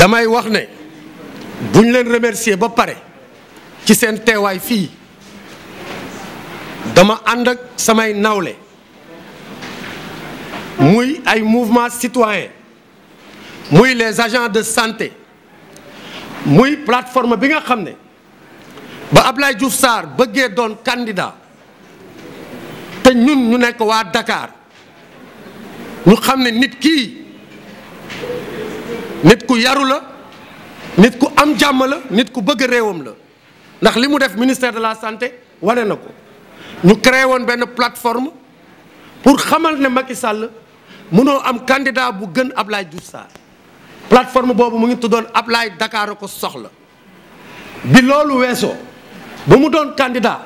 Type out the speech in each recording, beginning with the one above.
damay wax ne bu ñu leen remercier ba pare ci seen teewaay fii dama ànd ak samay nawle muy ay mouvement citoyen muy les agents de santé muy plateforme bi nga xam ne ba Ablaye Diouf Sarr bëggee doon candidat te ñun ñu nekk waa dakaar ñu xam ne nit kii nit ku yaru la nit ku am jàmm la nit ku bëgg réewam la ndax li mu def ministère de la santé wane na ko ñu créé woon benn plateforme pour xamal ne Macky sàll mënoo am candidat bu gën Ablaye Diouf Sarr plateforme boobu mu ngi tuddoon Ablaye Dakar ko soxla bi loolu weesoo ba mu doon candidat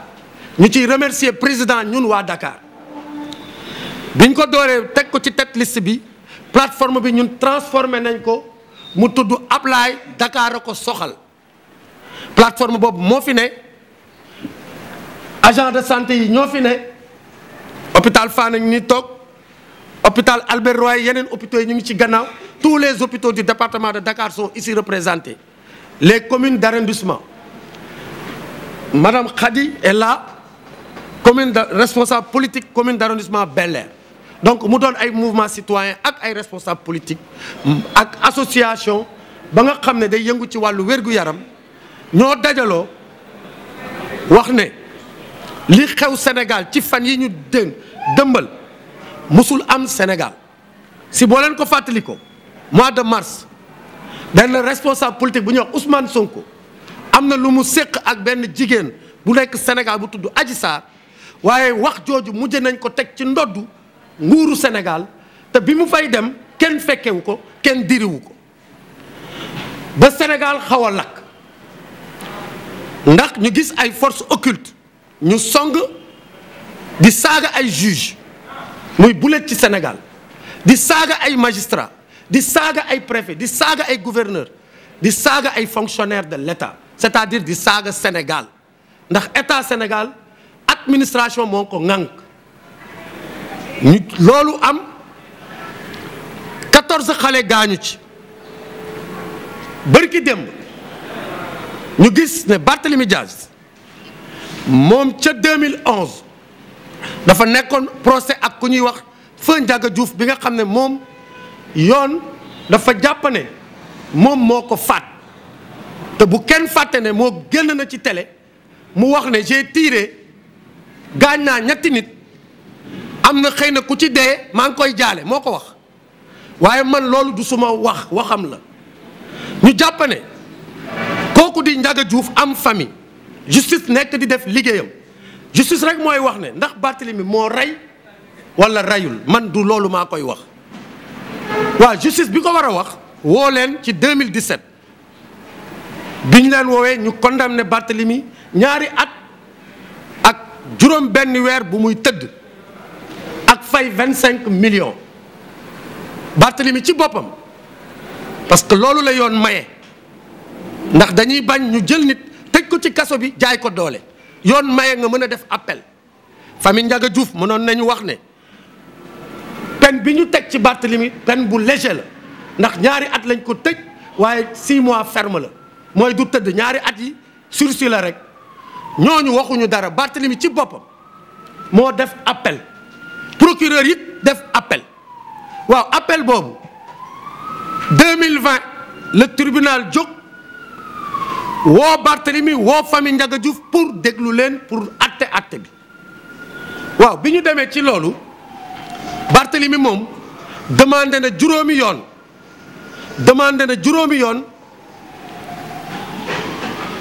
ñu ciy remercier président ñun waa Dakar biñ ko dooree teg ko ci tête liste bi plateforme bi ñun transformé nañ ko. mu tudd Ablaye Dakar a soxal plateforme boobu moo fi ne agent de santé yi ñoo fi ne hôpital Fann ñu toog hôpital Albert Royer yeneen hôpitaux yi ñu ngi ci gannaaw tous les hôpitaux du département de Dakar sont ici représentés les communes d'arrondissement madame Khady est là commune de responsable politique commune d'arrondissement Bel donc mu doon ay mouvement citoyen ak ay responsable politique ak association ba nga xam ne day yëngu ci wàllu wérgu yaram ñoo dajaloo wax ne li xew Sénégal ci fan yi ñu dén dëmbal musul am Sénégal si boo leen ko fàttali ko mois de mars benn responsable politique bu ñu wax Ousmane Sonko am na lu mu séq ak benn jigéen bu nekk Sénégal bu tudd aji Sarr waaye wax jooju mujj nañ ko teg ci ndoddu nguuru Sénégal te bi mu fay dem kenn fekkewu ko kenn diriwu ko ba Sénégal xaw a lakk ndax ñu gis ay force occultes ñu song di saaga ay juge muy bulet ci Sénégal di saaga ay magistrat di saaga ay préfet di saaga ay gouverneur di saaga ay fonctionnaire de l'État c'est-à-dire di saaga Sénégal ndax État Sénégal administration moo ko ŋànk ñu loolu am 14 xale gaañu ci bërki démb ñu gis ne Barthélemy Diaz moom ca 2011 dafa nekkoon procès ak ku ñuy wax Feu Ndiaga Diouf bi nga xam ne moom yoon dafa jàpp moom moo ko faat te bu kenn fàtte ne moo génn na ci tele mu wax ne j'ai tiré gaañ naa ñetti nit. am na xëy na ku ci dee maa ngi koy jaale moo ko wax waaye man loolu du suma wax waxam la ñu jàpp ne kooku di Ndiaga juuf am famille justice nekk di def liggéeyam justice rek mooy wax ne ndax Barthélemy moo rey wala reyul man du loolu maa koy wax waa justice bi ko war a wax woo leen ci 2017 bi ñu leen woowee ñu condamné Barthélemy ñaari at ak juróom benn weer bu muy tëdd fay vingt cinq millions Barthélemy ci boppam parce que loolu la yoon maye ndax dañuy bañ ñu jël nit tëj ko ci kaso bi jaay ko doole yoon maye nga mën a def appel famille Ndiaga Diouf mënoon nañu wax ne peine bi ñu teg ci Barthélemy peine bu léger la ndax ñaari at lañ ko tëj waaye six mois ferme la mooy du tëdd ñaari at yi sursis la rek ñooñu waxuñu dara Barthélemy ci boppam moo def appel procureur it def appel waaw appel boobu 2020 le tribunal jóg woo Barthélemy woo famille Ndiaga Diouf pour déglu leen pour atte atte bi waaw bi ñu demee ci loolu Barthélemy moom demandé na juróomi yoon demandé na juróomi yoon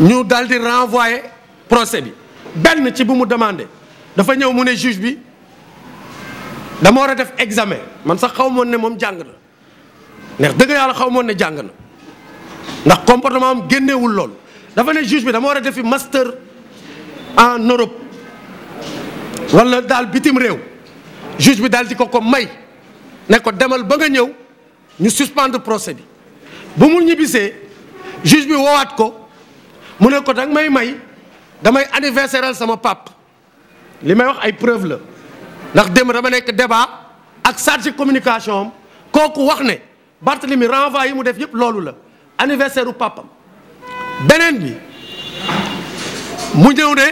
ñu daldi renvoyer procès bi benn ci bu mu dafa ñëw mu ne juge bi. dama war a def examen man sax xaw moon ne moom jàng na ndax dëgg yàlla xaw moon ne jàng na ndax comportement am génneewul lool dafa ne juge bi dama war a defi master en Europe wala daal bitim réew juge bi daal di ko ko may ne demal ba nga ñëw ñu suspendre procès bi bu mu ñibbisee juge bi wowaat ko mu ne ko danga may may damay anniversaire sama pap li may wax ay preuve la ndax démb ba nekk débat ak chargé communication kooku wax ne Barthélemy renvoi yi mu def yëpp loolu la anniversaire u papam beneen bi mu ñëw ne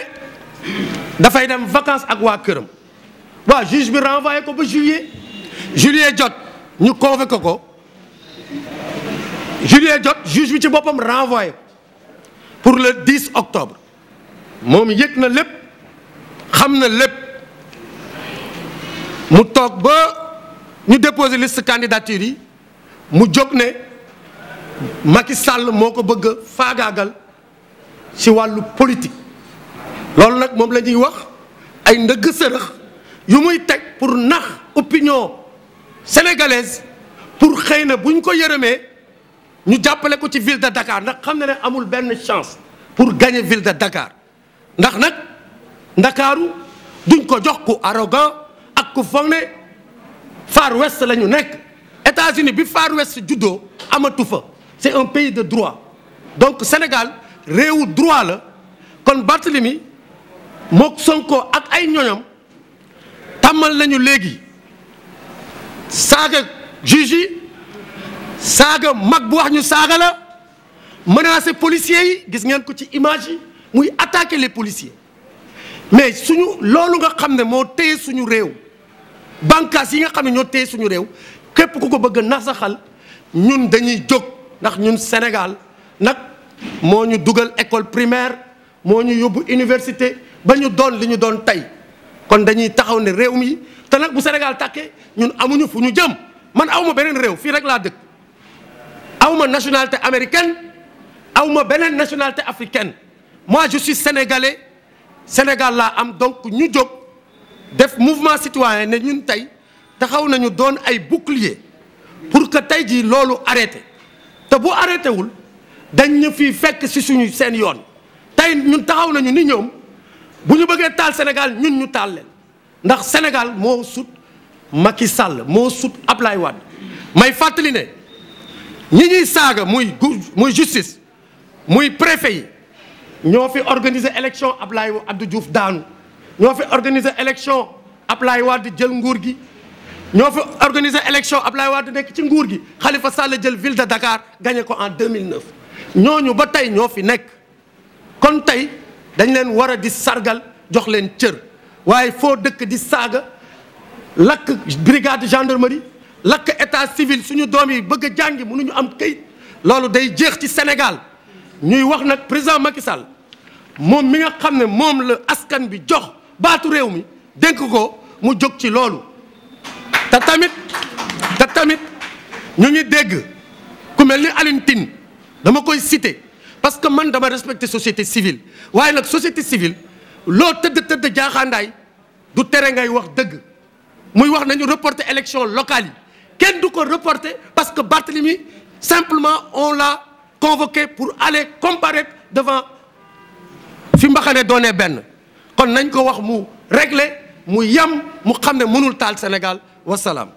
dafay dem vacance ak waa këram waa juge bi renvoyé ko ba juillet juillet jot ñu convoqué ko juillet jot juge bi ci boppam renvoyé pour le 10 octobre moom yëg na lépp xam na lépp mu toog ba ñu déposé liste candidature yi mu jóg ne Macky sàll moo ko bëgg faagaagal ci wàllu politique loolu nag moom la ñuy wax ay ndëgg sërëx yu muy teg pour nax opinion sénégalaise pour xëy na bu ñu ko yërëmee ñu jàppale ko ci ville de Dakar ndax xam na ne amul benn chance pour gagner ville de Dakar ndax nag ndakaaru duñ ko jox ku arrogant ak ku foog ne Far West lañu nekk États-Unis bi Far West juddoo amatu fa c'est un pays de droit donc Sénégal réewu droit la kon Barthélemy mook Sonko ak ay ñoñam tàmmal nañu léegi saaga juge yi saaga mag bu wax ñu saaga la menacer policiers yi gis ngeen ko ci image yi muy attaquer les policiers mais suñu loolu nga xam ne moo téye suñu réew bànkaas yi nga xam ne ñoo téye suñu réew képp ku ko bëgg a nasaxal ñun dañuy jóg ndax ñun Sénégal nag moo ñu dugal école primaire moo ñu yóbbu université ba ñu doon li ñu doon tey kon dañuy taxaw ne réew mi te nag bu Sénégal takkee ñun amuñu fu ñu jëm man awma beneen réew fii rek laa dëkk awma nationalité américaine awma beneen nationalité africaine mois je suis sénégalais Sénégal laa am donc ñu jóg def mouvement citoyen ne ñun tey taxaw nañu doon ay bouclier pour que tey jii loolu arrêté te bu arrêté wul dañ ñu fii fekk ci suñu seen yoon tey ñun taxaw nañu ni ñoom bu ñu bëggee taal Sénégal ñun ñu taal leen ndax Sénégal moo sut Macky Sall moo sut Ablaye Wade may fàttali ne ñi ñuy saaga muy muy justice muy préfet yi ñoo fi organiser élection Ablaye Abdou Diouf daanu ñoo fi organiser élection Ablaye Wade jël nguur gi ñoo fi organiser élection Ablaye Wade nekk ci nguur gi xalifa Sall jël ville de Dakar gagné ko en 2009 ñooñu ba tey ñoo fi nekk kon tey dañ leen war a di sargal jox leen cër waaye foo dëkk di saaga lakk brigade gendarmerie lakk état civil suñu doom yi bëgg a jàngi mënuñu am këyit loolu day jeex ci Sénégal ñuy wax nag président Macky Sall moom mi nga xam ne moom la askan bi jox baatu réew mi dénk ko mu jóg ci loolu te tamit te tamit ñu ngi dégg ku mel ni Alioune Tine dama koy citer parce que man dama respecter société civile waaye nag société civile loo tëdd tëdd jaaxaandaay du tere ngay wax dëgg muy wax nañu reporter élection locale yi kenn du ko reporter parce que mi simplement on l'a convoqué pour aller comparaître devant fi mbaxane doonee benn kon nañ ko wax mu régler mu yam mu xam ne mënul taal Sénégal wasalaam